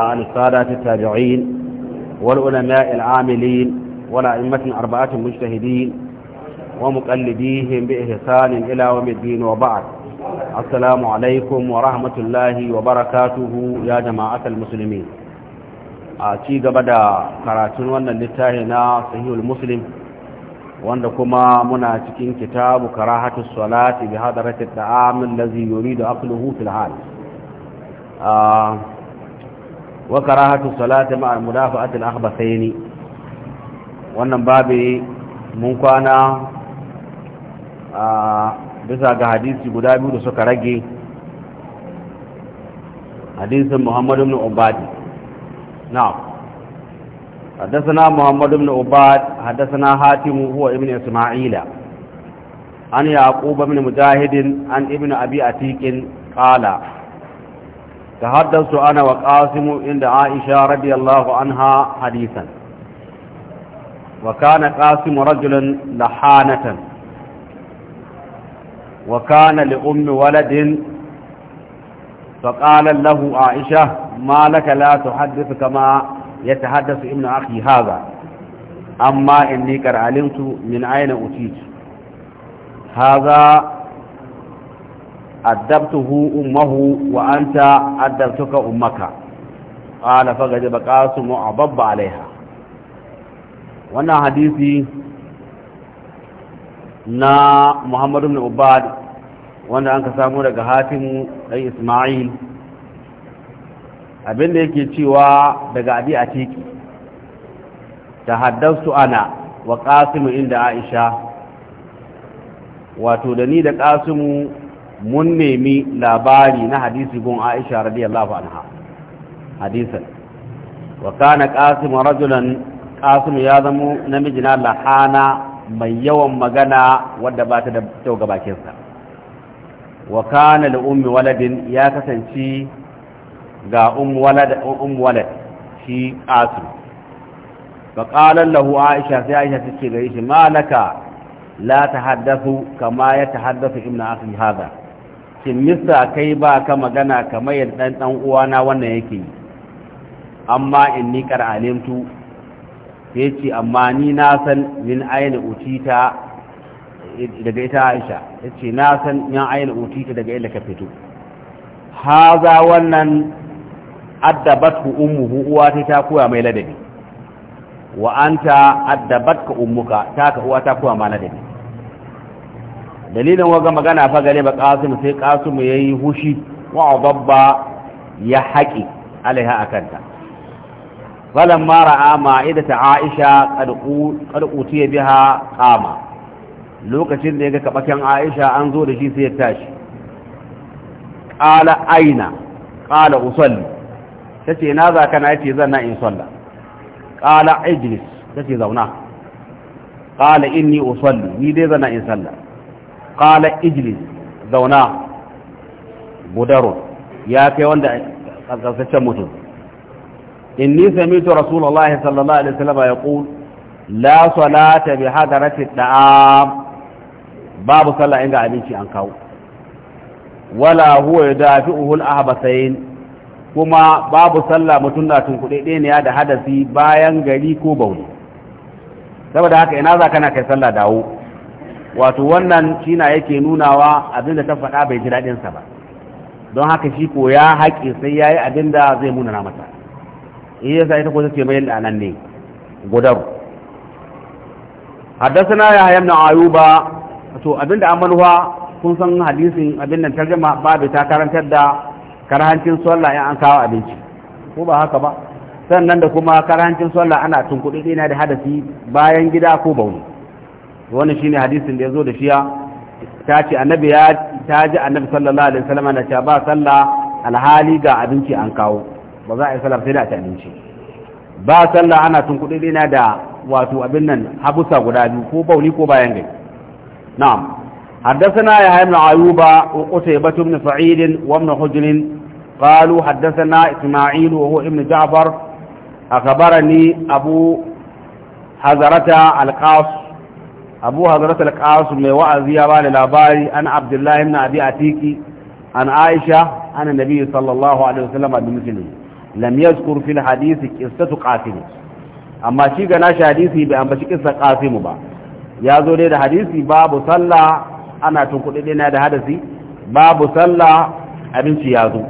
عن السادة التابعين والعلماء العاملين والأئمة أربعة مجتهدين ومقلديهم بإحسان إلى يوم الدين وبعد السلام عليكم ورحمة الله وبركاته يا جماعة المسلمين أتي قبدا كراتون وانا لتاهنا صحيح المسلم وانا كما مناتكين كتاب كراهة الصلاة بهدرة الطعام الذي يريد أقله في العالم آه وكراهه الصلاه مع المدافعه الاخبثين wannan babu mun kwana bisa ga hadisi guda biyu da suka rage hadisin muhammadu ibn ubadi na'am haddasa muhammadu ibn ubadi haddasa na hatimu huwa ibn isma'ila an yaquba ibn mujahidin an ibn abi atiqin qala تحدثت أنا وقاسم عند عائشة رضي الله عنها حديثا وكان قاسم رجلا لحانة وكان لأم ولد فقال له عائشة ما لك لا تحدث كما يتحدث ابن أخي هذا أما إني قد علمت من أين أتيت هذا addabtuhu ummahu wa anta addabtuka ummaka qala fa gajaba qasim wa abba alaiha wannan hadisi na Muhammad ibn Ubad wanda an ka samu daga Hatim dan Isma'il abinda yake cewa daga abi atiki tahaddastu ana wa qasim inda Aisha wato da ni da kasimu. mun nemi labari na hadisi gun Aisha radiyallahu anha hadisan wa kana qasim rajulan qasim ya zamo namiji na lahana mai yawan magana wadda ba ta da kyau ga sa wa kana li ummi waladin ya kasance ga ummu walad ummu walad shi qasim fa qala lahu Aisha sai Aisha take gare shi malaka la tahaddathu kama yatahaddathu ibnu akhi hadha shin kai ba ka magana kamar yadda ɗan ɗan uwana wannan yake yi amma in ni kar alimtu ya ce amma ni na san min aina utita daga ita aisha ya ce na san min aina utita daga ila ka fito haza wannan ku ummuhu uwa ta ta koya mai ladabi wa addabat ka umuka ta ka uwa ta koya ma ladabi dalilin waga magana fa gare ba kasu sai mu yayi hushi wa dabba ya haƙi alaiha akanta ma ra'a ma'idata aisha qad utiya biha qama lokacin da yaga kabakan aisha an zo da shi sai ya tashi qala aina qala usalli tace na za kana yace zan na in salla qala ijlis tace zauna qala inni usalli ni dai zan na in salla qala ijlis zauna budarun ya kai wanda kasance mutum inni samitu rasulullahi sallallahu alaihi wasallam yaqul la salata bi hadarati da'am babu sallah inga abinci an kawo wala huwa yadafi'uhu al-ahbasain kuma babu sallah mutum na tunkuɗe ɗaya da hadasi bayan gari ko bauli saboda haka ina za kana kai sallah dawo wato wannan shina yake nunawa abinda ta faɗa bai ji daɗinsa ba don haka shi ko ya haƙe sai ya yi abinda zai munana mata in yasa ita ko take mai nan ne gudaru haddasana ya hayam ayuba to abinda an manuwa kun san hadisin abin nan tarjama babu ta karantar da karhancin sallah in an kawo abinci ko ba haka ba sannan da kuma karhancin sallah ana tunkuɗi na da hadasi bayan gida ko bauni shi ne hadisin da ya zo da shiya ta ce annabi ya ta ji annabi sallallahu alaihi wasallam na ce ba sallah alhali ga abinci an kawo ba za a yi sallah sai da ta abinci ba sallah ana tun kuɗi dina da wato abin nan habusa guda biyu ko bauli ko bayan gari na'am حدثنا يا ابن عيوب وقتيبة بن سعيد وابن حجر قالوا حدثنا إسماعيل وهو ابن جعفر أخبرني أبو حزرة القاص abu hazrat da qasu mai wa'azi ya bani labari an abdullahi ibn abi tiki, an aisha ana annabi sallallahu alaihi wasallam bi misli lam yazkur fil hadith qissatu qasim amma shi ga nashi hadisi bai ambaci kissa qasim ba ya zo dai da hadisi babu sallah ana tun kudi na da hadasi babu sallah abinci ya zo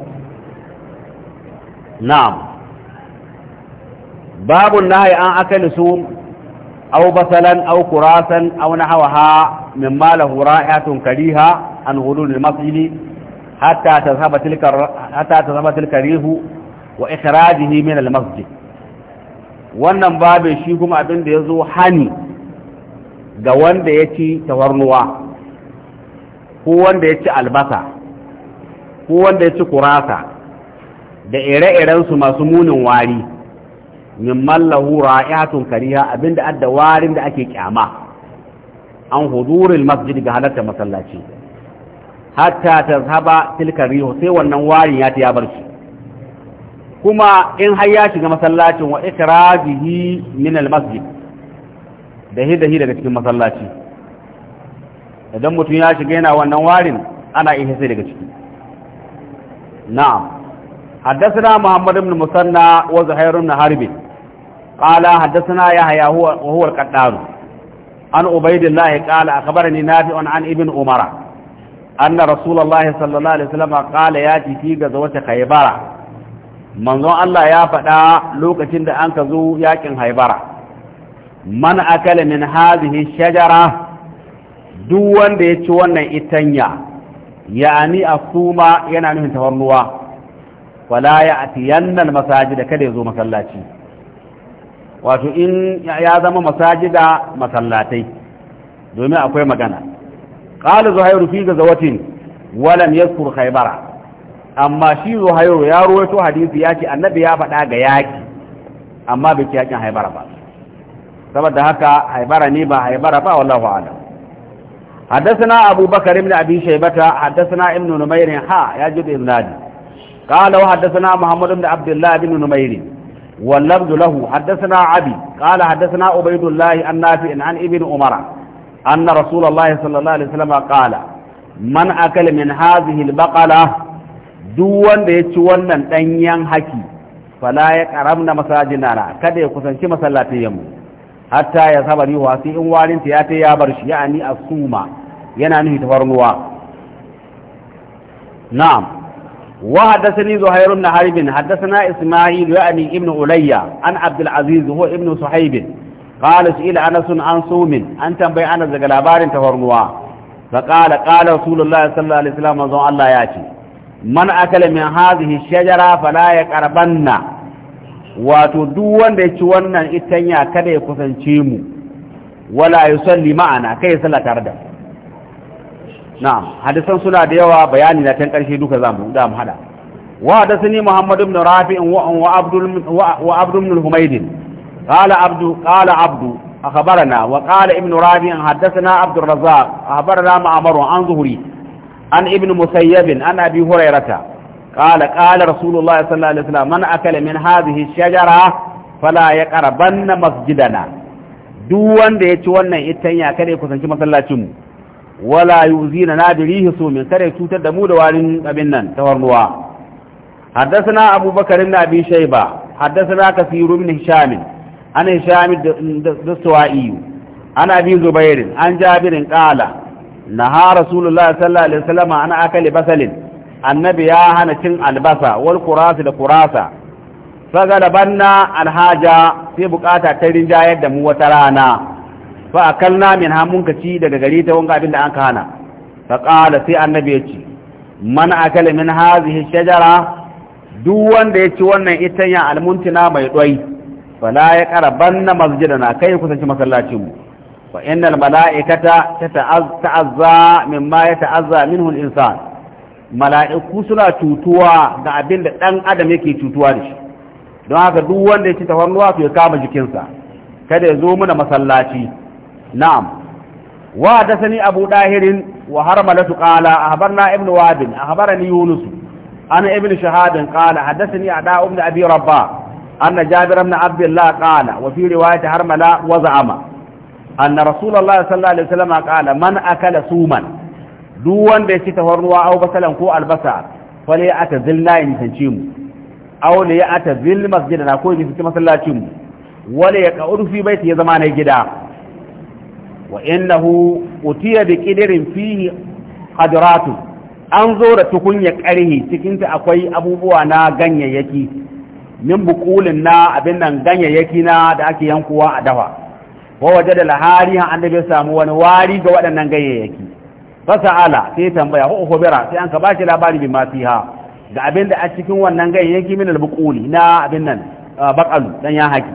na'am babu nahi an akali su أو بصلا أو كراسا أو نحوها مما له رائحة كريهة عن غلول المسجد حتى تذهب تلك حتى تذهب تلك الريح وإخراجه من المسجد wannan babin shi kuma abin da ya zo hani ga wanda ya ci tawarnuwa ko wanda ya ci albasa ko wanda ya ci kurasa da ire-irensu masu munin wari min mallahu ra'iatun kariha abinda adda warin da ake kyama an hudurul masjid ga halatta masallaci hatta tazhaba tilka rihu sai wannan warin ya ta ya bar shi kuma in har ya shiga masallacin wa ikrazihi min al masjid da hidda-hidda daga cikin masallaci idan mutum ya shiga yana wannan warin ana iya sai daga ciki na'am حدثنا محمد بن مسنى وزهير بن حرب قال حدثنا يحيى هو وهو القدار عن عبيد الله قال ibin نافع عن ابن عمر أن رسول الله صلى الله عليه وسلم قال ياتي في غزوة خيبر منظر الله يا فدا لوكتين da an zo yakin haibara man akala min hadhihi shajara duk wanda ya ci wannan itanya yani asuma yana nufin tawarnuwa wala ya atiyanna da kada ya zo masallaci wato in ya zama masajida masallatai domin akwai magana qala zuhairu fi gazawatin walam yaskur khaybara amma shi zuhairu ya ruwaito hadisi yake annabi ya faɗa ga yaki amma bai ci yakin haibara ba saboda haka haibara ne ba haibara ba wallahu a'lam حدثنا أبو بكر بن أبي شيبة حدثنا ابن نمير ها يجد إذنادي قال وحدثنا محمد بن عبد الله بن نمير واللفظ له حدثنا عبي قال حدثنا عبيد الله النافع عن ابن عمر أن رسول الله صلى الله عليه وسلم قال من أكل من هذه البقلة دون ديتشوانا تنيان حكي فلا يقربنا مساجدنا كده يقصن شي مسلاتي يمو حتى يذهب ريحها سي ان وارين تياتي يا برش يعني الصومة ينانه تفرموا نعم وحدثني زهير بن حرب حدثنا إسماعيل يعني ابن علي عن عبد العزيز هو ابن صحيب قال سئل أنس عن صوم أنت بي أنس غلابار تفرموا فقال قال رسول الله صلى الله عليه وسلم وزن الله ياتي من أكل من هذه الشجرة فلا يقربن وتدون بيتوانا إتنيا كده يكسن شيمو ولا يصلي معنا كي يصلى تردف na'am hadisan suna da yawa bayani na tan karshe duka zamu da mu hada wa hadathani muhammad ibn rafi' wa abdul wa abdul ibn humayd qala abdu qala abdu akhbarana wa qala ibn rafi' hadathana abd arrazzaq akhbarana ma'mar an zuhri an ibn musayyib an abi hurairah qala qala rasulullah sallallahu alaihi wasallam man akala min hadhihi ash-shajara fala yaqrabanna masjidana duk wanda ya ci wannan itanya kada ya kusanci masallacin mu wala yi uzina na diri hisu min kare cutar da mu da warin abin nan ta warnuwa haddasa abubakarin na bi shai ba haddasa na ka siyi rumin hishamin ana hishamin da ana bi zubairin an jabirin ƙala. na ha rasulullah sallallahu alaihi wasallam ana akali basalin annabi ya hana cin albasa wal kurasa da kurasa fa galabanna alhaja sai bukata ta rinjayar da mu wata rana fa akalna min ha mun kaci daga gari ta wanga abin da an kana fa qala sai annabi ya ce man akala min hadhihi shajara duk wanda ya ci wannan ya almuntina mai doi la ya qarabanna masjidana kai ci masallacin mu fa innal malaikata tata'azza mimma yata'azza minhu al-insan mala'iku suna cutuwa ga abin da dan adam yake cutuwa da shi don haka duk wanda ya ci tafarnuwa to ya kama jikinsa kada ya zo mana masallaci نعم وحدثني أبو داهر وهرملة قال أخبرنا ابن واد أخبرني يونس أنا ابن شهاد قال حدثني أعداء ابن أبي رباه أن جابر بن عبد الله قال وفي رواية هرملة وزعم أن رسول الله صلى الله عليه وسلم قال من أكل سوما دون بيتي تهرنوا أو بسلا كو البسا فليأتذلنا ينسنشيم أو ليأتذل مسجدنا كو ينسنشيم ولا يقعد في بيتي زمان جدا wa innahu utiya bi qidrin fihi an zo da tukunya ƙarhi cikinta akwai abubuwa na ganyayyaki min bukulin na abin nan ganyayyaki na da ake yankuwa a dafa wa waje da lahari an da samu wani wari ga waɗannan ganyayyaki fasa'ala sai tambaya ko hobira sai an ka bashi labari bi mafiha ga abin da a cikin wannan ganyayyaki min albukuli na abin nan ah, bakalu dan ya haki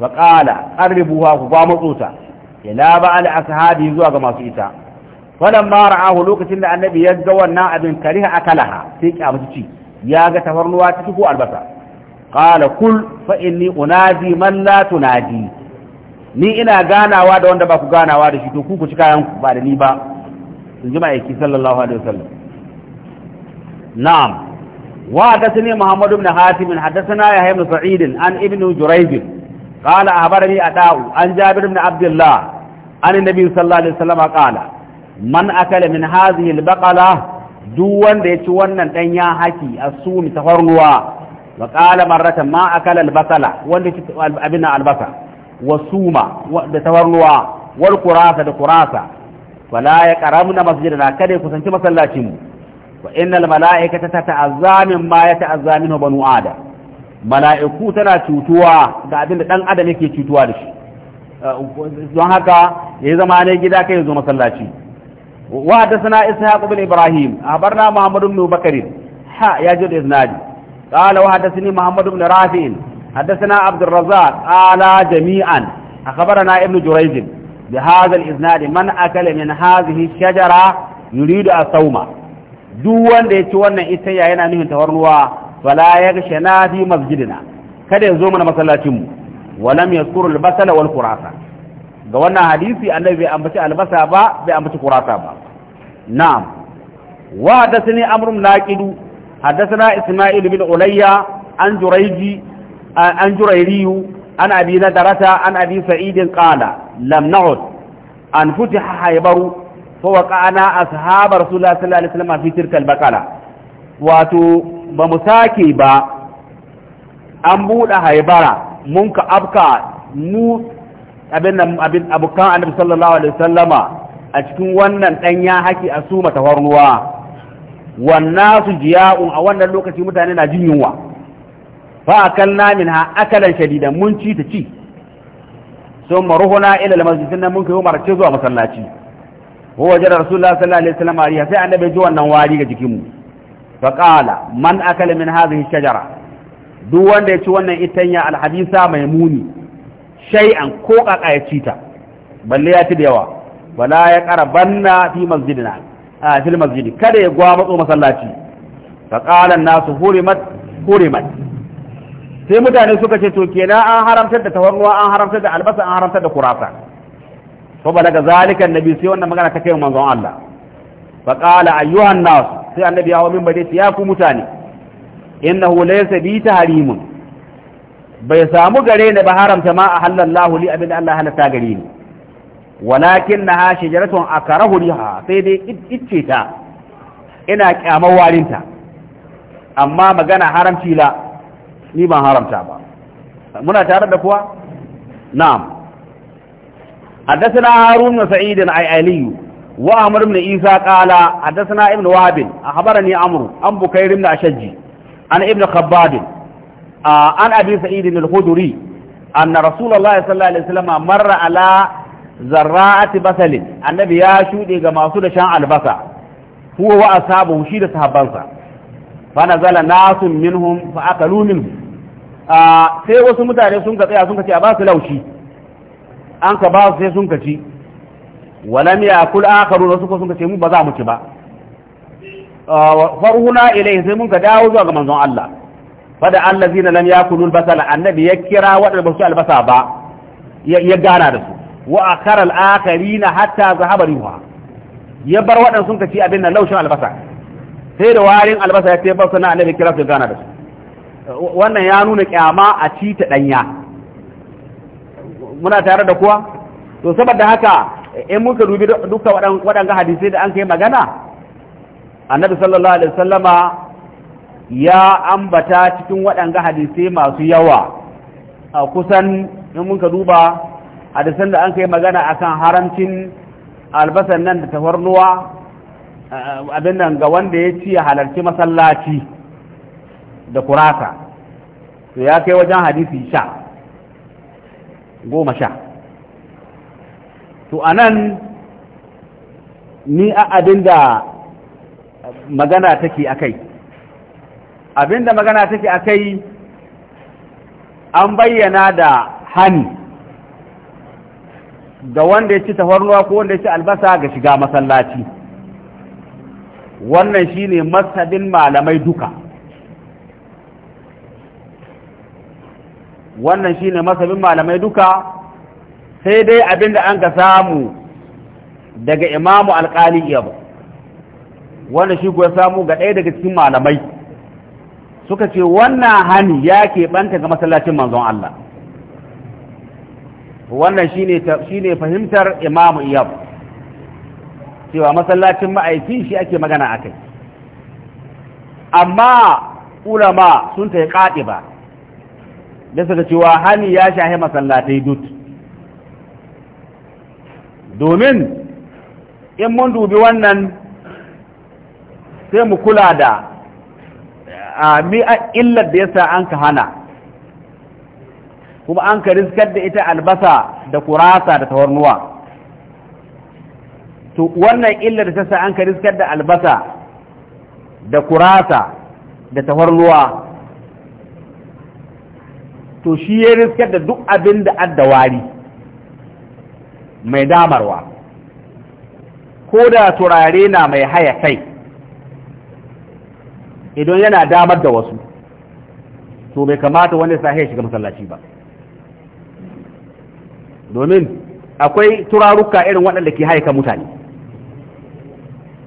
wa qala qarribuha ku ba matsota ila ba'al ashabi zuwa ga masu ita wannan ma ra'ahu lokacin da annabi ya ga wannan abin kariha akalaha sai ki amince ci ya ga tafarnuwa ta ko albasa qala kul fa inni unadi man la tunadi ni ina ganawa da wanda ba ku ganawa da shi to ku ku ci kayan ku ba da ni ba in ji ma'aiki sallallahu alaihi wasallam na'am wa hadathani muhammad ibn hatim hadathana yahya ibn sa'id an ibn jurayb قال أخبرني أداو عن جابر بن عبد الله عن النبي صلى الله عليه وسلم قال من أكل من هذه البقلة دون ديتوانا تنيا حكي السوم تفرنوا وقال مرة ما أكل البقلة وان أبنا البقلة والسوم تفرنوا والقراسة القراسة ولا يقربنا مسجدنا كده كسنتي مسلاتهم وإن الملائكة تتعزى مما يتعزى منه بنو آدم mala'iku tana cutuwa ga abin da ɗan adam yake cutuwa da shi don haka ya zama ne gida kai zo masallaci wa isa ishaq ibn ibrahim a abarna Muhammadu ibn bakari ha ya ji da iznadi qala wa hadathani Muhammadu ibn rafi' hadathana abd arrazzaq ala jami'an akhbarana ibn jurayj bi hadha al man akala min hadhihi shajara yuridu asawma duk wanda ya ci wannan ita yana nufin tawarnuwa fala yaghsha na fi masjidina kada ya zo mana masallacin mu walam ya al-basala wal ga wannan hadisi annabi bai ambaci albasa ba bai ambaci kurasa ba na'am wa hadathani amrun haddasa na isma'il bin ulayya an jurayji an jurayriyu an abi darata, an abi sa'id qala lam na'ud an futiha haybaru فوقعنا أصحاب رسول الله صلى الله عليه وسلم في تلك البقرة ba mu sake ba an buɗe haibara mun ka afka mu abin abokan annabi sallallahu alaihi wasallama a cikin wannan dan ya haki a su mata farnuwa wannan su jiya'un a wannan lokaci mutane na jin yunwa fa akalna minha akalan shadida mun ci ta ci sun maruhuna ila almasjid nan mun kai umar ce zuwa masallaci huwa jara rasulullahi sallallahu alaihi wasallam ariya sai annabi ji wannan wari ga jikinmu faƙala man akala min hadhihi shajara duk wanda ya ci wannan itanya alhadisa mai muni shay'an ko kaka ya ci ta balle ya ci da yawa wala ya qarabanna fi masjidina a fil masjidi kada ya gwamutso masallaci faƙala nasu hurimat hurimat sai mutane suka ce to kenan an haramtar da tawarruwa an haramtar da albasa an haramtar da kurasa fa balaga zalika annabi sai wannan magana ta kai manzon Allah faƙala qala ayyuhan nas sai annabi ya wamin bade ya ku mutane innahu laysa bi tahrimun bai samu gare ne ba haramta ma ahallallahu li abin Allah ta gare ni walakin na shajaratun akarahu liha sai dai itce ta ina kyamar warinta amma magana haramci la ni ban haramta ba muna tare da kuwa na'am حدثنا هارون وسعيد اي علي وعمر بن عيسى قال حدثنا ابن وهب أخبرني عمرو عن بكير بن أشجي عن ابن خباب عن أبي سعيد الخدري أن رسول الله صلى الله عليه وسلم مر على زراعة بصل النبي ياشو ديغا ماسود شان البصا هو وأصحابه شيد صحابانسا فنزل ناس منهم فأكلوا منه sai wasu mutane sun ka tsaya sun ka ce a ba su laushi an ka ba su sai sun ka ci walam yakul akharu wasu ko sun ce mu ba za mu ci ba ah, farhuna ilai sai mun ka dawo zuwa ga manzon Allah fada allazina lam yakulu albasala annabi ya kira wadanda ba su albasa ba ya gana da su wa akhara al-akharina hatta zahaba riha ya bar waɗanda sun kaci abin nan laushin albasa sai da warin albasa ya tafi sana annabi kira su gana da su wannan ya nuna kyama a ci ta danya muna tare da kuwa to saboda haka in muka dubi duka waɗanga hadisai da an kai magana annabi sallallahu alaihi wasallama ya ambata cikin waɗanga hadisai masu yawa a kusan in muka duba hadisan da an kai magana akan haramcin albasan nan da tafarnuwa abin nan ga wanda ya ci ya halarci masallaci da kurasa to ya kai wajen hadisi sha goma sha to anan ni a abinda magana take akai abinda magana take akai an bayyana da hani ga wanda ya ci tafarnuwa ko wanda ya ci albasa ga shiga masallaci wannan shine masabin malamai duka wannan shine masabin malamai duka sai dai abinda an ka samu daga imamu alƙali ba wanda shi kuwa samu ga ɗaya daga cikin malamai suka ce wannan hani ya keɓanta ga masallacin manzon Allah wannan shi ne fahimtar imamu iyab cewa masallacin ma'aiki shi ake magana a kai amma ulama sun ta yi ƙaɗi ba da suka cewa hani ya shahi masallatai duk domin in mun dubi wannan sai mu kula da a mi'a illar da yasa an ka hana kuma an ka riskar da ita albasa da kurasa da tawarnuwa to wannan illar da ta sa an ka riskar da albasa da kurasa da tawarnuwa to shi ya riskar da duk abin da adda wari mai damarwa ko da turare na mai haya kai idan yana damar da wasu to bai kamata wani haya shiga masallaci ba domin akwai turaruka irin waɗanda ke haika mutane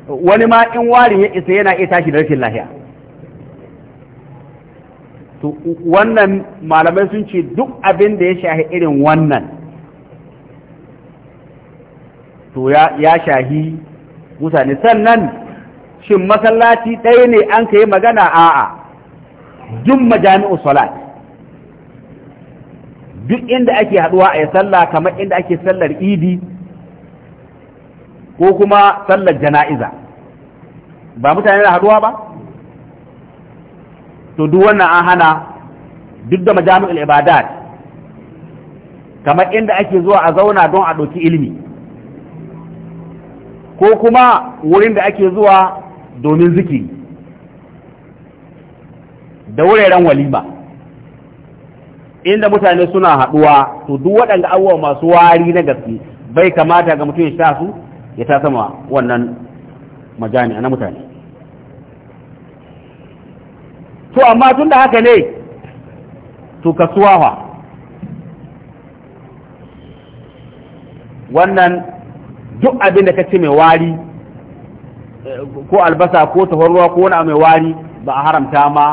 wani ma in warin ya isa yana iya tashi da rashin lahiya wannan malamai sun ce duk abin da ya shahi irin wannan to ya shahi mutane sannan shin masallaci ɗaya ne an ka yi magana a'a duk majami'u salat duk inda ake haɗuwa a yi sallah kamar inda ake sallar idi ko kuma sallar jana'iza ba mutane na haɗuwa ba to duk wannan an hana duk da majami'ul ibadat kamar inda ake zuwa a zauna don a ɗauki ilimi ko kuma wurin da ake zuwa domin ziki da wuraren walima inda mutane suna haɗuwa, to duk waɗanda abuwa masu wari na gaske bai kamata ga mutum ya sha su ya ta sama wannan majami'a na mutane to amma tun da haka ne to kasuwa wannan duk abinda ka ce mai wari ko albasa ko tafarwa ko wani mai wari ba a haramta ma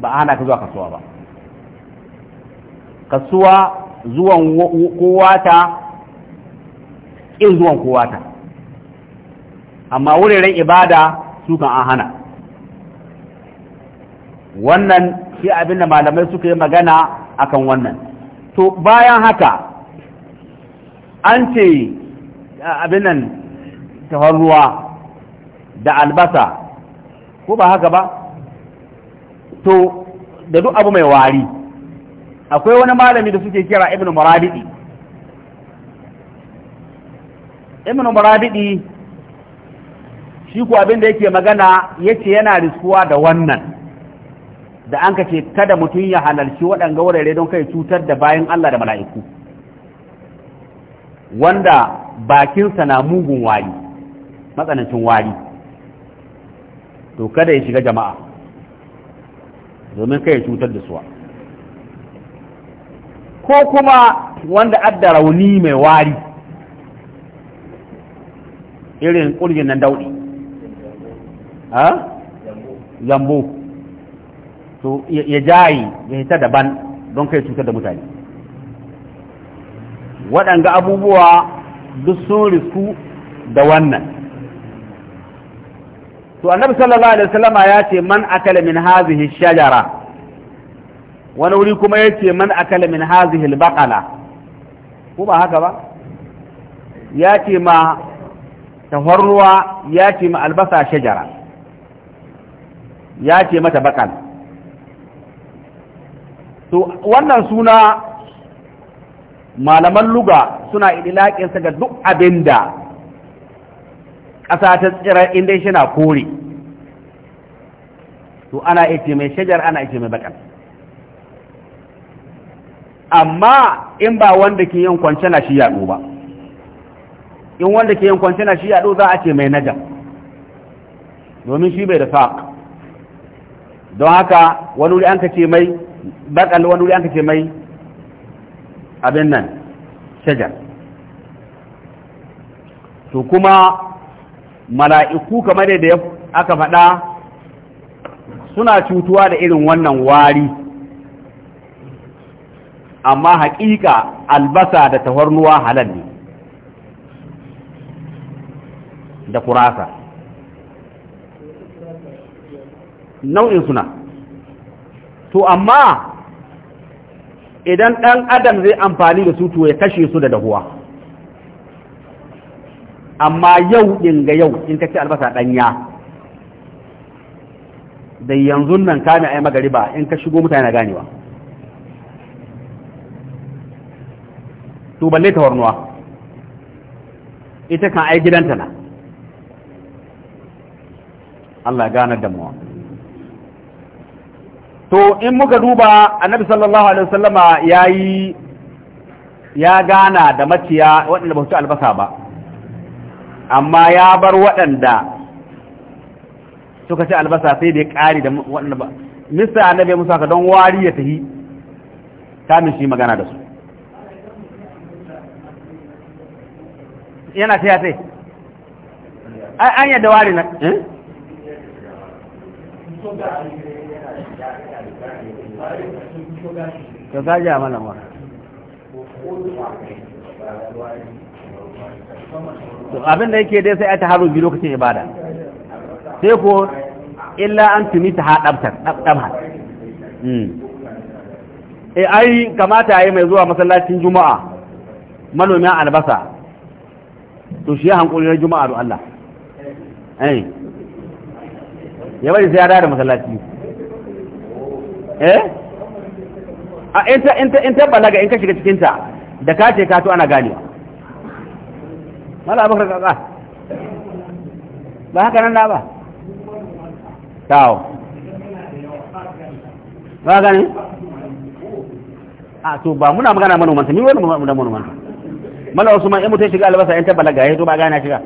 ba a hana ka zuwa kasuwa ba kasuwa zuwan kowata in zuwan kowata amma wuraren ibada su kan hana wannan shi abinda malamai suka yi magana akan wannan to bayan haka an ce abinan tafar ruwa da albasa ko ba haka ba to da duk abu mai wari akwai wani malami da suke kira ibn muradidi ibn muradidi shi ko abin da yake magana yace yana riskuwa da wannan da an ka ce kada mutum ya halarci waɗanga wurare don kai cutar da bayan Allah da mala'iku wanda bakinsa na mugun wari matsanancin wari to kada ya shiga jama'a domin kai cutar da suwa ko kuma wanda adda rauni mai wari irin ƙurgin nan dauɗi yambo, to ya jayi ya hita daban don kai cutar da mutane waɗanga abubuwa duk sun risku da wannan to annabi sallallahu alaihi wasallama ya ce man akala min hazihi shajara wani wuri kuma ya ce man akala min hazihi albaqala ko ba haka ba ya ce ma tafarruwa ya ce ma albasa shajara ya ce mata bakal to wannan suna malaman luga suna idilaƙinsa ga duk abin da ƙasa ta tsira inda shi na kore to ana ita mai shajar ana ita mai bakan amma in ba wanda ke yin kwanci na shi yaɗo ba in wanda ke yin kwanci na shi yaɗo za a ce mai najam domin shi bai da faƙ don haka wani wuri an ka ce mai bakan wani wuri an ka ce mai abin nan shajar to kuma mala'iku kamar da aka faɗa suna cutuwa da irin wannan wari amma haƙiƙa albasa da tawarnuwa halal ne da kurasa nau'in suna to amma idan ɗan adam zai amfani da su to ya kashe su da dahuwa amma yau ɗin ga yau in ka ci albasa ɗanya da yanzu nan kame a yi magariba in ka shigo mutane na ganewa to balle warnuwa ita kan ai gidanta na Allah gane damuwa to in muka duba annabi sallallahu alaihi wasallama yayi ya gana da maciya waɗanda ba su albasa ba amma ya bar waɗanda suka ci albasa sai da ya ƙari da waɗanda ba mista annabi musa ka don wari ya tahi kamin shi magana da su yana ta yatai an yadda wari na eh? to ka ji mana mura to abin da yake dai sai a taharu bi lokacin ibada sai ko illa an tuni ta haɗabtar mm eh ai kamata yi mai zuwa masallacin juma'a manomin albasa to shi ya hankuli na juma'a do Allah eh bari sai ya da masallaci eh a inta inta balaga in ka shiga cikin ta da ka ce ka to ana ganewa mala kaka ba haka nan na ba tawo ba gani a to ba muna magana mana ta ni wani da manoman ta mala usman in mutai shiga albasa in ta balaga yai to ba gane shiga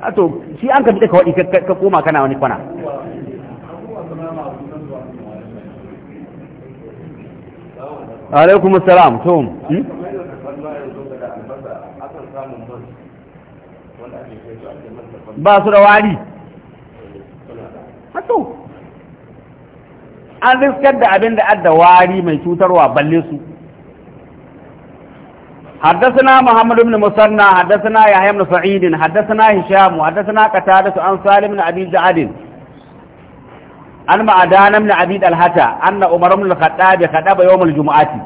a to shi an ka bi ka waɗi, ka koma kana wani kwana alaikum salam to hmm? ba su da wari hato an riskar da abin da wari mai cutarwa balle su haddasana muhammadu bin musanna haddasana yahya bin sa'id haddasana hisham haddasana qatada an salim bin abi zaid an ma'adana abid abi dalhata anna umar ibn al-khattab khadaba yawm yawon jumati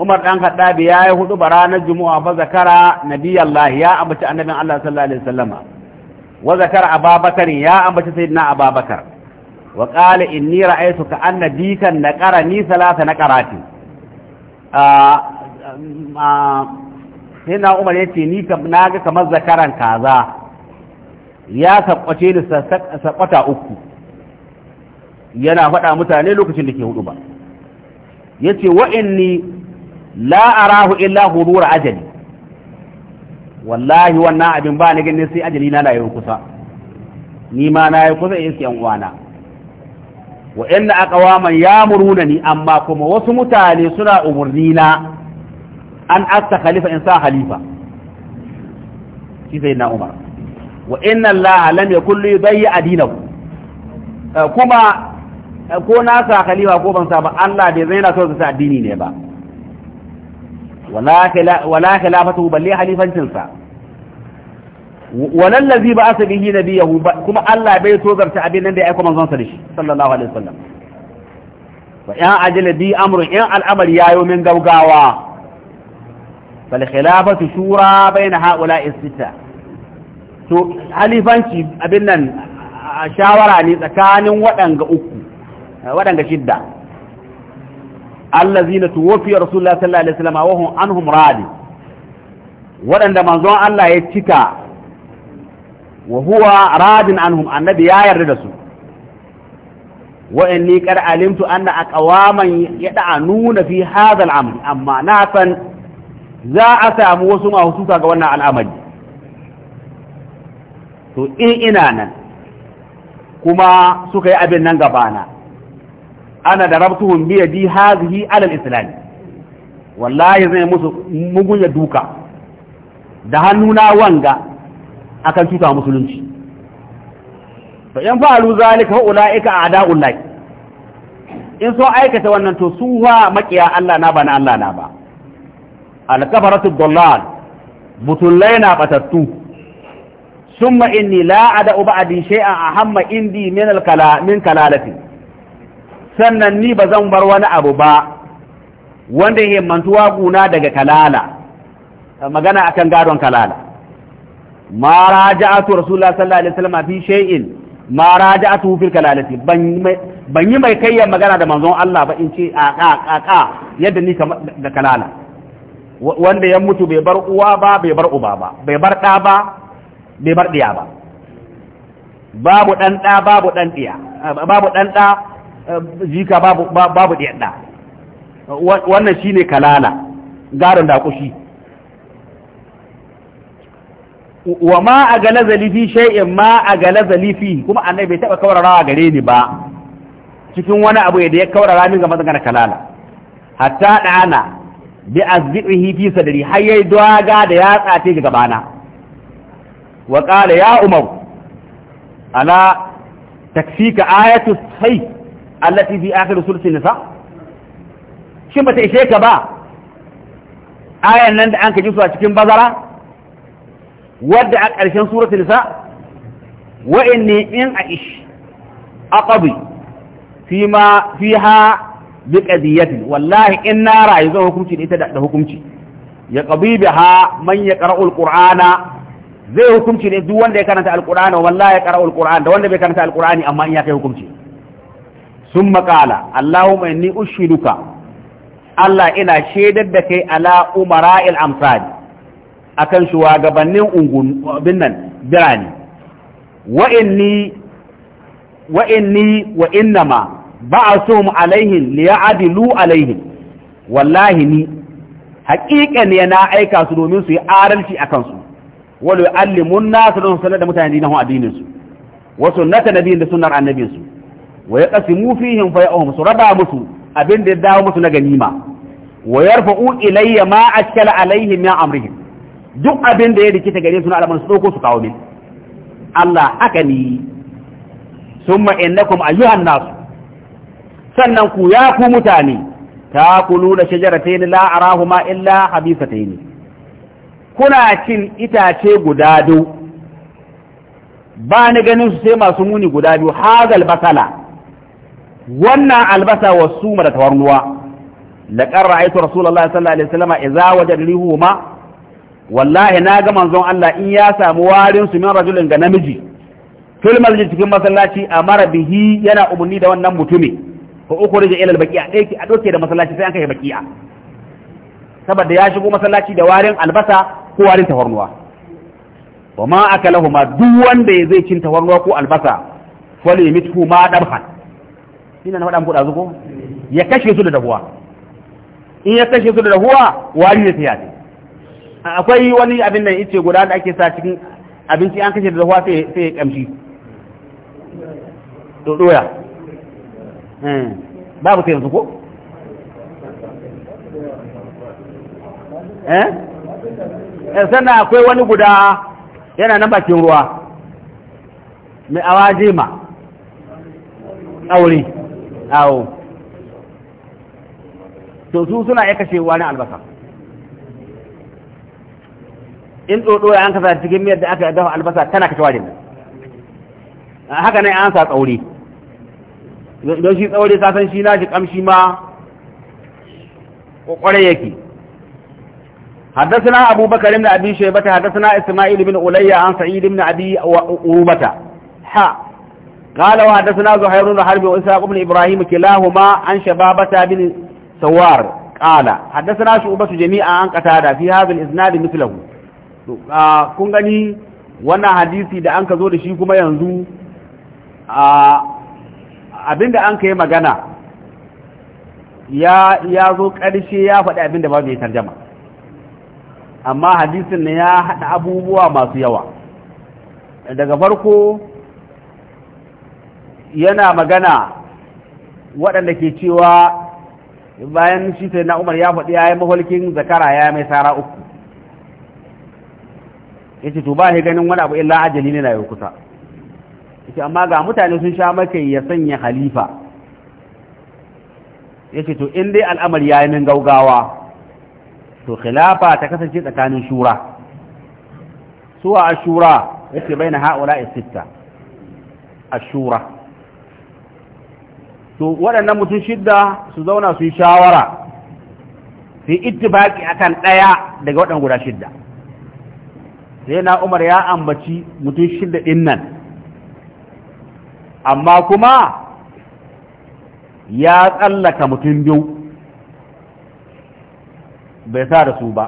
umar dan khattab yayi hudu ranar jumu'a fa zakara nabiyallahi ya ambaci annabin Allah sallallahu alaihi wasallama wa zakara a ababakar ya ambaci sayyidina ababakar wa ni inni su ka anna dikan ƙara ni salasa naqarati sai na umar ya ce ni na ga kamar zakaran kaza ya sakwace ni sakwata uku yana faɗa mutane lokacin da ke hudu ba yace ce inni la'arahu arahu illa hudura ajali wallahi wannan abin ba ni ganin sai ajali na na yi kusa ni ma na yi kusa yake yan uwana wa inna ya muruna ni amma kuma wasu mutane suna umarni na an asta khalifa in sa khalifa shi sai na umar wa inna allaha lam yakul yudayya dinahu eh, kuma ko na sa khalifa ko ban sa ba Allah bai zaina so sa addini ne ba wala khilafatu balle halifancin sa walal ladhi ba'atha bihi nabiyahu kuma Allah bai so zarta abin nan da ya aika manzon sa dashi sallallahu alaihi wasallam wa ya ajala bi amru in al'amar yayo min gaugawa bal khilafatu shura baina haula sitta to halifanci abin nan shawara ne tsakanin waɗanga uku waɗanda shidda allazina tuwafiya rasulullahi sallallahu alaihi wasallam wa anhum radi waɗanda manzon Allah ya cika wa huwa radin anhum annabi ya yarda da su wa inni qad alimtu anna aqwaman yad'anuna fi hadha al-amr amma na san za a samu wasu masu ga wannan al'amari to in ina nan kuma suka yi abin nan gabana ana da rabtuhun bi yadi hadhihi ala al-islam wallahi zai musu mugun ya duka da hannuna wanga akan tuta musulunci to yan fa'alu zalika ulaika a'da'ullahi in so aikata wannan to wa makiya Allah na ba na Allah na ba al-kafaratu dallal na batattu ثم la لا أدع بعد شيئا أهم عندي من الكلا من sannan ni ba zan bar wani abu ba wanda ya mantuwa guna daga kalala magana akan gadon kalala ma raja'atu rasulullah sallallahu alaihi wasallam fi shay'in ma raja'atu fil kalalati ban yi mai kayyar magana da manzon Allah ba in ce a ka a ka yadda ni da kalala wanda ya mutu bai bar uwa ba bai bar uba ba bai bar ɗa ba bai bar ɗiya ba babu ɗan ɗa babu ɗan ɗiya babu ɗan ɗa jika babu babu yadda. wannan shine kalala garin da kushi wa ma a gane zalifi shay'in ma a gane zalifi kuma annai bai taɓa kawararawa gare ni ba cikin wani abu da ya kawarara min ga matsagar kalala hatta ɗana bi azbihi fi sadri har yayi ga da ya tsace ga gabana wa qala ya umar Ana takfika ayatu sayf allati fi akhir sulsi nisa shin bata ishe ka ba Aya nan da an kaji su a cikin bazara wadda a ƙarshen suratul nisa wa inni in aish aqabi fima fiha bi qadiyatin wallahi in na rayu zan hukunci da ita da hukunci ya qabi biha man yaqra'ul qur'ana zai hukunci duk wanda ya karanta wallahi ya da wanda bai karanta amma in ya kai hukunci sun maƙala Allahumma inni ushiduka Allah ina shaidar da kai ala umara il amsali akan shugabannin ungun binnan birane wa inni wa inni wa innama ba'asuhum alaihim liya'dilu alaihin. wallahi ni haƙiƙa ne na aika su domin su yi adalci akan su wala yu'allimun nasu don sanar da mutane dinahu addinin su wa sunnata nabiyyin da sunnar annabinsu. wa ya qasimu fihim fa ya'um su raba musu abin da ya dawo musu na ganima wa yarfa'u ilayya ma cikin alaihim min amrihim duk abin da ya rikita gare su na al'amuran su dauko su kawo min Allah haka ni summa innakum ayyuhan nasu. sannan ku ya ku mutane Ta takuluna shajaratayn la arahuma illa habisatayn kuna cin itace guda biyu ba ni ganin su sai masu muni guda biyu hazal basala wannan albasa wa suma da tawarnuwa laqad ra'aytu rasulullahi sallallahu alaihi wasallam idza wajada rihuhuma wallahi na ga manzon Allah in ya samu warin su min rajulin ga namiji fil masjid cikin masallaci amara bihi yana umarni da wannan mutumi ko ukhrija ila al-baqi'a dai a doke da masallaci sai an kai baqi'a saboda ya shigo masallaci da warin albasa ko warin tafarnuwa wa ma akalahuma duk wanda zai cin tafarnuwa ko albasa fali mithu ma dabhan ina na faɗa muku ko ya kashe su da dahuwa in ya kashe su da dahuwa wari ne sai akwai wani abin nan yace guda da ake sa cikin abinci an kashe da dahuwa sai sai kamshi to doya hmm. babu sai zuko eh eh sannan akwai wani guda yana nan bakin ruwa mai ma aure awo to su suna ya kashe wani albasa in tsotso ya an kasa cikin miyar da aka dafa albasa tana kashe wani haka ne an sa tsauri don shi tsauri ta san shi na shi kamshi ma kwakware yake حدثنا أبو بكر بن أبي شيبة حدثنا إسماعيل بن أولي عن سعيد بن أبي أروبة حا قال وحدثنا زهير بن حرب وإسحاق بن إبراهيم كلاهما عن شبابة بن سوار قال حدثنا شعبة جميعا عن قتادة في هذا الإسناد مثله kun gani wannan hadisi da an ka zo da shi kuma yanzu abinda an ka magana ya zo ƙarshe ya faɗi da ba zai tarjama amma hadisin na ya haɗa abubuwa masu yawa daga farko yana magana waɗanda ke cewa bayan shi sai na umar ya faɗi ya yi maholkin zakara ya mai sara uku ya ce to ba shi ganin wani abu illa ajali ne na yau kusa ya ce amma ga mutane sun sha maka ya sanya halifa ya ce to in dai al'amari ya yi min gaugawa to khilafa ta kasance tsakanin shura suwa a shura ya ce bai na ha'ula ya sitta a shura to waɗannan mutum shidda su zauna su yi shawara su yi ittifaki kan ɗaya daga waɗannan guda shidda sai na umar ya ambaci mutum shidda ɗin nan amma kuma ya tsallaka mutum biyu bai sa da su ba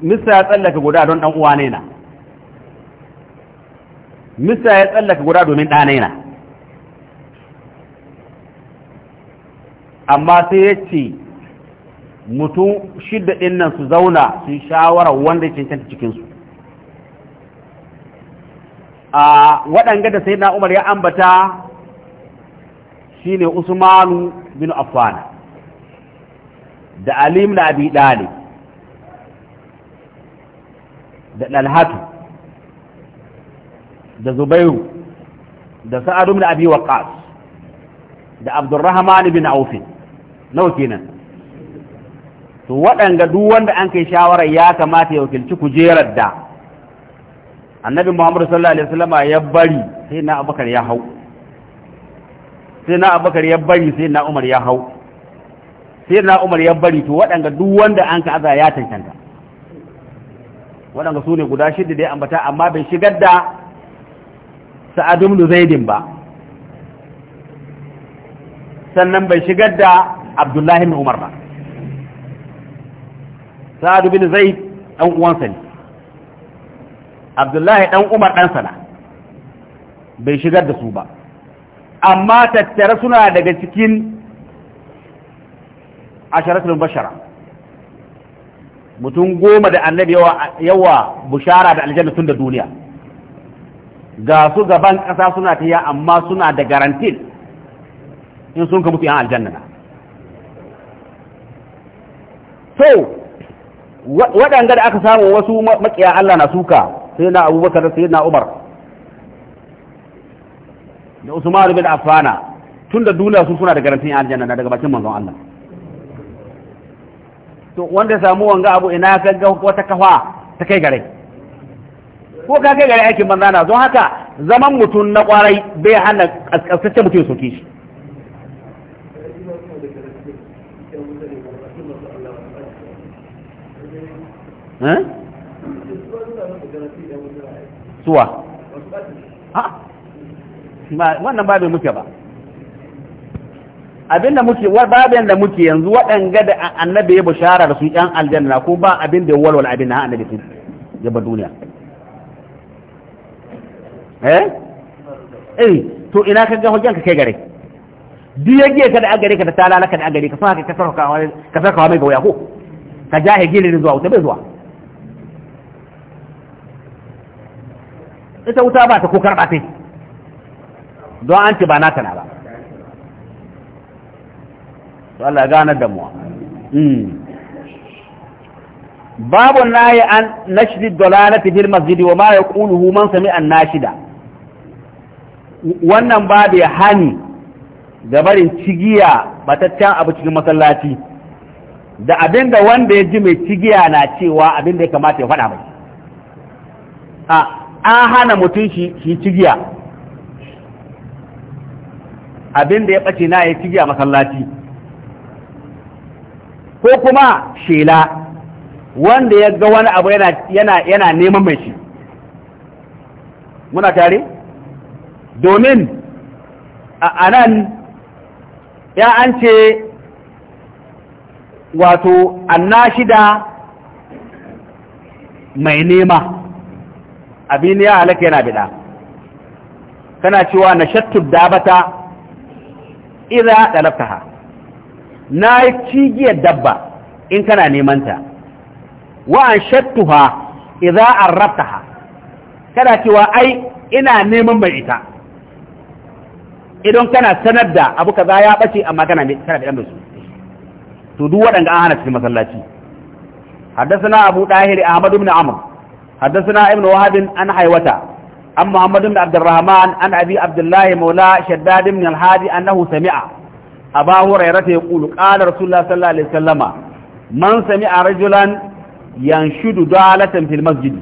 Mista ya tsallaka guda don ɗan'uwa ne na. mista ya tsallaka guda domin ɗanaina. amma sai ya ce mutum shidda ɗin nan su zauna su yi shawarar wanda ya cancanta cikinsu a waɗanga da sai na umar ya ambata shi ne usmanu bin affana da alim na abi da ɗalhatu da zubairu da sa'ad ibn abi waqas da abdurrahman ibn auf nawa kenan to waɗanda duk wanda an kai shawarar ya kamata ya wakilci kujerar da annabi muhammadu sallallahu alaihi wasallam ya bari sai na abubakar ya hau sai na abubakar ya bari sai na umar ya hau sai na umar ya bari to waɗanda duk wanda an ka aza ya tantanta Waɗanda su ne guda shida dai ambata amma bai shigar da Sa'adun ibn ba sannan bai shigar da abdullahi ibn umar ba Sa'adu ibn zaid dan uwansa ne abdullahi dan umar dan sana bai shigar da su ba amma tattare suna daga cikin asharatul bashara mutum goma da annabi yawa bushara da aljanna tun da duniya ga su gaban ƙasa suna ta yi amma suna da garantin in sun ka mutu yan aljanna na so waɗanda da aka samu wasu makiya Allah na suka sai na abubakar sai na umar da usman bin afana tun da duniya su suna da garantin yan aljanna na daga bakin manzon Allah to wanda ya samu wanga abu ina ga wata kafa ta kai gare ko ka kai gari aikin banza na don haka zaman mutum na kwarai bai hana kaskasce mutum soke shi eh? suwa wannan babin muke ba abin da muke babin da muke yanzu waɗanga da annabi ya bishara da su ƴan aljanna ko ba abin da ya walwala abin da annabi ya ba duniya Eh? eh to ina ka ga hujjan ka kai gare duk yake ka da agare ka da talala ka da agare ka fa ka ka wani mai ga waya ko ka jahe gilin zuwa wuta bai zuwa ita wuta ba ta ko karba sai don an ce ba naka na ba to Allah ganar da mu باب النهي عن نشر الضلالة في المسجد وما يقوله من سمع nashida wannan babu ya hani ga barin cigiya bataccen abu cikin masallaci da abin da wanda ya ji mai cigiya na cewa abin da ya kamata ya faɗa mai an hana mutum shi cigiya abin da ya ɓace na ya cigiya masallaci ko kuma shela wanda ya ga wani abu yana neman mai shi muna tare? domin a anan ya an ce wato annashida mai nema abin ya halaka yana bida kana cewa na shattu dabata idza dalabtaha na yi cigiyar dabba in kana nemanta wa an shattuha idza arrabtaha kana cewa ai ina neman mai ita idan kana sanar da abu kaza ya bace amma kana mai kana bidan su to duk waɗanda an hana cikin masallaci haddathana abu dahir ahmad ibn amr haddathana ibn wahab an haywata am muhammad ibn abd alrahman an abi abdullah mawla shaddad annahu sami'a aba hurairah yaqulu qala rasulullah sallallahu alaihi wasallam man sami'a rajulan yanshudu dalatan fil masjid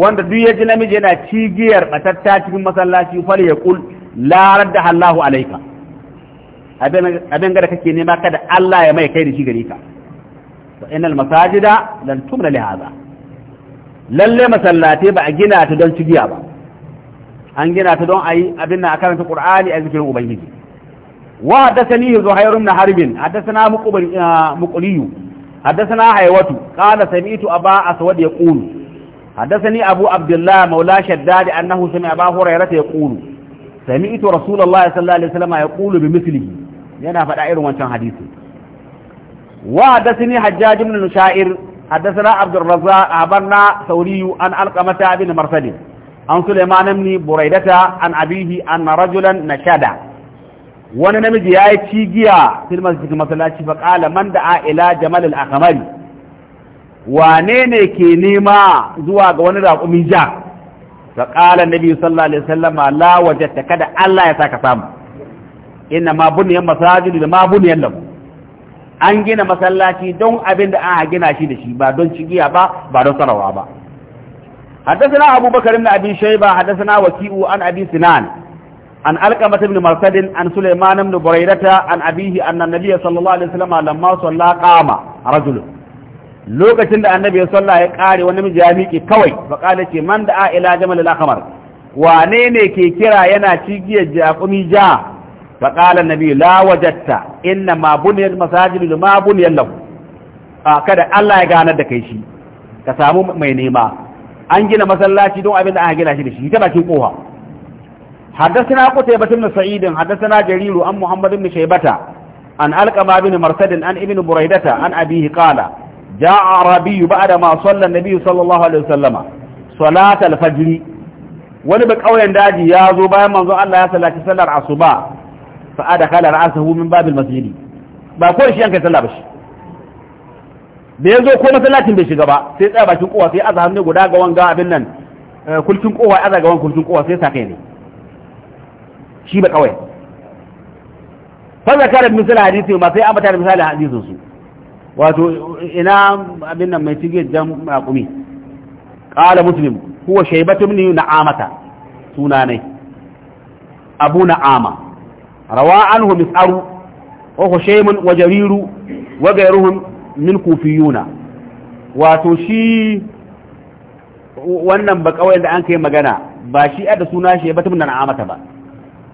wanda duk yaji namiji yana cigiyar batatta cikin masallaci fal yaqul la radda Allahu alaika abin gada kake nema kada Allah ya mai kai da shi gare ka wa innal masajida lan tumna li hadha lalle masallate ba a gina ta don cigiya ba an gina ta don ayi abin nan a karanta Qur'ani a zikirin ubangiji wa hadathani Zuhair ibn Harbin hadathana ah, Muqliyu hadathana Haywatu qala sami'tu Aba Aswad yaqulu hadathani Abu Abdullah maula Shaddad annahu sami'a Abu Hurairah yaqulu sami'tu rasulullahi sallallahu alaihi wasallam yaqulu bi mithlihi yana faɗa irin wancan hadisi wa hadathani hajjaj ibn nushair hadathana abd arrazzaq Abanna, sauri an alqamata bin marsad an sulaiman ibn buraidata an abihi anna rajulan nashada wani namiji ya yi cigiya fil cikin masallaci fa qala man da'a ila jamal al-akhmari wane ne ke nema zuwa ga wani raƙumi ja fa qala nabi sallallahu alaihi wasallam la wajadta kada Allah ya saka samu inna ma buniyal masajidu da ma buniyal lahu an gina masallaci don abin da an gina shi da shi ba don cigiya ba ba don sarawa ba حدثنا أبو بكر بن أبي شيبة حدثنا وكيء عن أبي سنان عن ألقمة بن مرسد عن سليمان بن بريرة عن أبيه أن النبي صلى الله عليه وسلم لما صلى قام رجل lokacin da annabi ya salla ya kare wani miji ya miƙe kawai fa kala ce man da ila jamal al-akhmar wane ne ke kira yana cigiyar jaqumi ja fa kala annabi la wajatta inna ma buniya al-masajidu ma buniya lahu a kada Allah ya ganar da kai shi ka samu mai nema an gina masallaci don abin da aka gina shi da shi ta bakin koha حدثنا قتيبة بن سعيد حدثنا جرير عن محمد بن شيبة عن ألقمة بن مرسد عن ابن بريدة عن أبيه قال جاء عربي بعد ما صلى النبي صلى الله عليه وسلم صلاة الفجر wani ba kauyen daji ya zo bayan manzo Allah ya salati sallar asuba fa adkhala ra'sahu min babil masjid ba ko shi yanka sallah ba shi da yanzu ko masallacin bai shiga ba sai tsaya bakin kowa sai aza hannu guda ga wanga abin nan kulkin kowa aza ga wanga kulkin kowa sai sa kai ne shi ba kawai fa zakara misali hadisi ma sai ambata misali hadisin su wato ina abin nan mai tige jan makumi qala muslim huwa shaybatu ibn na'amata ne. abu na'ama rawa anhu mis'aru wa hushaym wa jariru wa ghayruhum min kufiyuna wato shi wannan ba kawai da an kai magana ba shi ada suna shaybatu ibn na'amata ba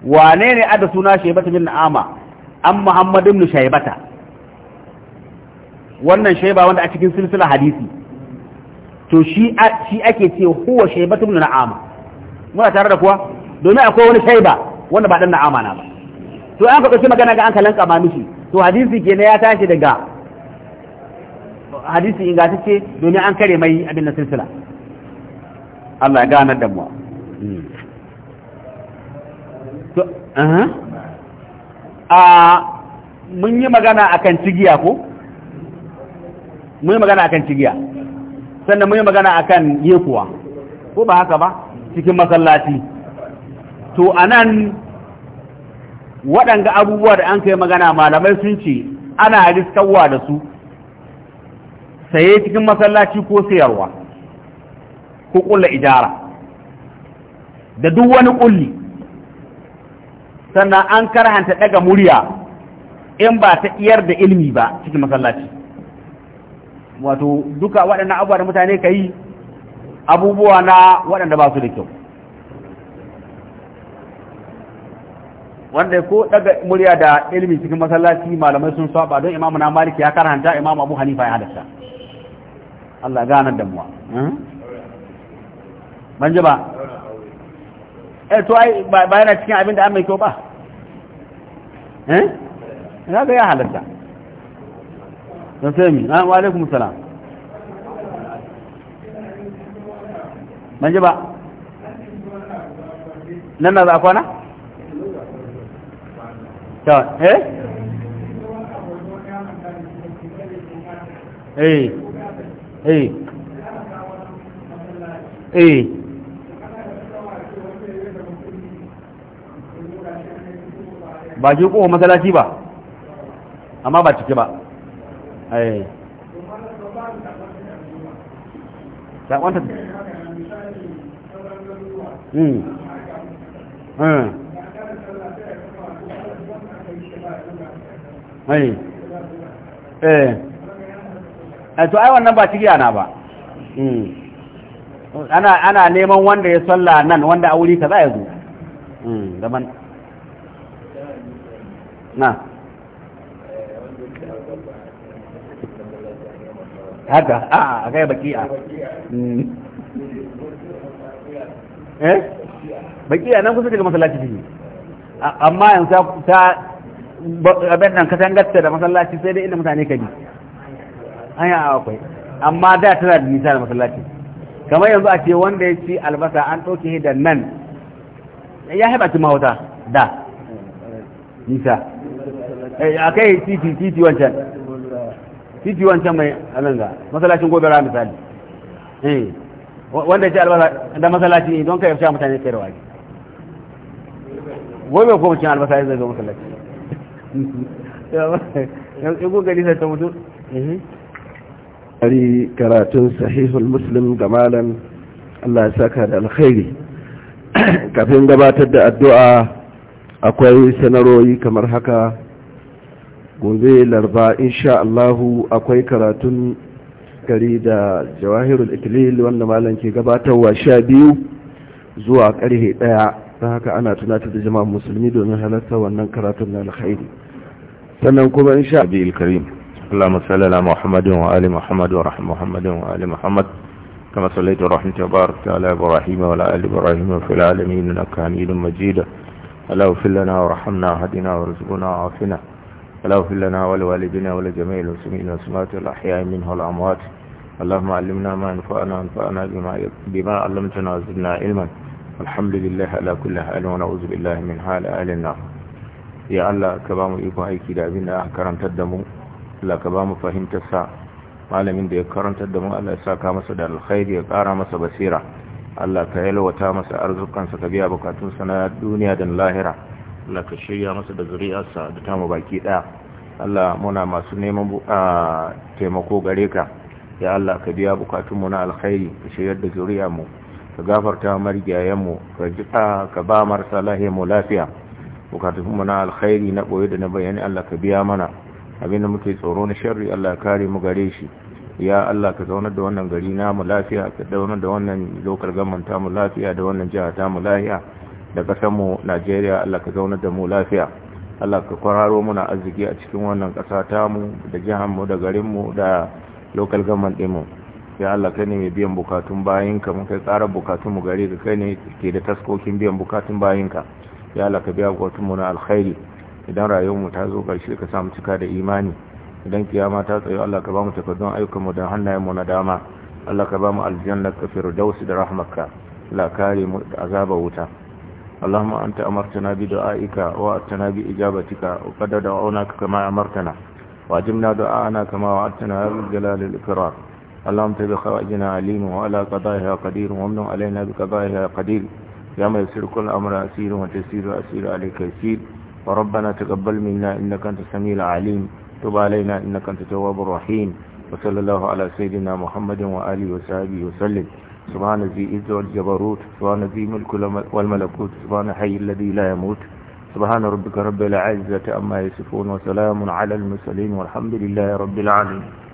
wane ne ada suna shaybatu ibn na'ama an muhammad ibn shaybata wannan shaiba wanda a cikin silsila hadisi to shi shi ake ce huwa shaibatu min na'ama muna tare da kuwa domin akwai wani shaiba wanda ba dan na'ama na ba to an ka magana ga an kalanka ma mishi to hadisi kenan ya tashi daga hadisi ingantacce domin an kare mai abin na silsila Allah ya gane da mu hmm. to mun yi magana akan cigiya ko mun yi magana akan cigiya sannan mun yi magana akan yekuwa ko ba haka ba cikin masallaci to anan waɗanga abubuwa da an kai magana malamai sun ce ana riskawa da su saye cikin masallaci ko sayarwa ko ƙulla ijara da duk wani ƙulli sannan an karhanta daga murya in ba ta iyar da ilmi ba cikin masallaci wato duka waɗannan abubuwa da mutane ka yi abubuwa na waɗanda ba su da kyau wanda ko daga murya da ilimi cikin masallaci malamai sun saba don imamu na maliki ya karanta imamu abu hanifa ya halatta Allah ganar da muwa hmm? ban ji ba eh to ai ba yana cikin abin da an mai kyau ba eh ya halatta don sai mi ah, wa alaikum salam manje ba nan na za a kwana? ta eh? eh eh eh ba ji ko matsalaci ba amma ba cike ba ai sakonta mm eh to ai wannan ba cigiya na ba hmm. ana ana neman wanda ya salla nan wanda a wuri ka za ya zo zaman hmm, na haka a a kai bakiya hmm. eh bakiya nan kusa daga masallaci ne amma yanzu ta abin nan katangarta da masallaci sai dai inda mutane ka bi an yi akwai amma da tana da nisa da masallaci kamar yanzu a ce wanda ya ci albasa an ɗauke da nan ya haɓa ci mahauta da nisa eh, a kai titi titi wancan titi wancan mai alanga masalacin gobe ra misali eh, wanda ya ce albasa da masallaci don ka yarsha mutane kai da waje gobe ko mutum albasa ya zai zo masallaci in kuka nisa ta mutu eh. ari karatun sahihul muslim ga malam Allah ya saka da alkhairi kafin gabatar da addu'a akwai sanarori kamar haka gobe larba insha Allahu akwai karatun gari da jawahirul ikilil wanda malam ke gabatarwa sha biyu zuwa karhe daya don haka ana tunatar da jama'a musulmi domin halarta wannan karatun na alkhairi sannan kuma insha Abdul Karim Allahumma salli ala Muhammadin wa ali Muhammad wa rahmi Muhammadin wa ali Muhammad كما صليت ورحمت وبارك على إبراهيم وعلى آل إبراهيم في العالمين إنك حميد مجيد اللهم اغفر لنا وارحمنا وهدنا وارزقنا وعافنا فلا اغفر لنا ولوالدنا ولجميع المسلمين والمسلمات الأحياء منه والأموات اللهم علمنا ما ينفعنا وانفعنا بما, بما علمتنا وزدنا علما الحمد لله على كل حال ونعوذ بالله من حال أهل النار يا الله كبام إيكو أيكي دابنا أحكرم تدمو لا كبام فهم تسع معلمين دي أحكرم تدمو ألا إساكا مسد الخير يقارا مس بسيرة الله كهلو وتامس أرزقا سكبيا بكاتون سنة دنيا دن لاهرة Allah ka shirya masa da zuri'arsa da tamu baki ɗaya Allah muna masu neman taimako gare ka ya Allah ka biya bukatunmu na alkhairi ka shirya da zuri'armu ka gafarta marigayenmu ka jiƙa ka ba marasa lahimu lafiya bukatunmu na alkhairi na ɓoye da na bayani Allah ka biya mana abinda muke tsoro na sharri Allah kare mu gare shi ya Allah ka zaunar da wannan gari namu lafiya ka zaunar da wannan lokar gamanta mu lafiya da wannan jiha ta mu lafiya da ƙasarmu najeriya allah ka zaunar da mu lafiya allah ka kwararo muna arziki a cikin wannan ƙasa mu da jihanmu da garinmu da local government ɗinmu ya allah kai ne mai biyan bukatun bayinka mun kai tsarar bukatunmu gare ka kai ne ke da taskokin biyan bukatun bayinka ya allah ka biya bukatunmu na alkhairi idan rayuwarmu ta zo ƙarshe ka samu cika da imani idan kiyama ta tsayo allah ka ba mu takardun ayyukanmu da hannayenmu na dama allah ka ba mu aljanna ka firdausi da rahmarka la kare mu da azaba wuta اللهم أنت أمرتنا بدعائك وأتنا بإجابتك وقد دعوناك كما أمرتنا وأجمنا دعاءنا كما وعدتنا يا ذو الجلال الإكرام اللهم تب خوائجنا عليم وعلى قضائها قدير ومن علينا بقضائها قدير يا من يسر كل أمر أسير وتسير أسير عليك يسير وربنا تقبل منا إنك أنت السميع العليم تب علينا إنك أنت التواب الرحيم وصلى الله على سيدنا محمد وآله وصحبه وسلم سبحان ذي إذ والجبروت سبحان ذي ملك والملكوت سبحان حي الذي لا يموت سبحان ربك رب العزة أما يصفون وسلام على المرسلين والحمد لله رب العالمين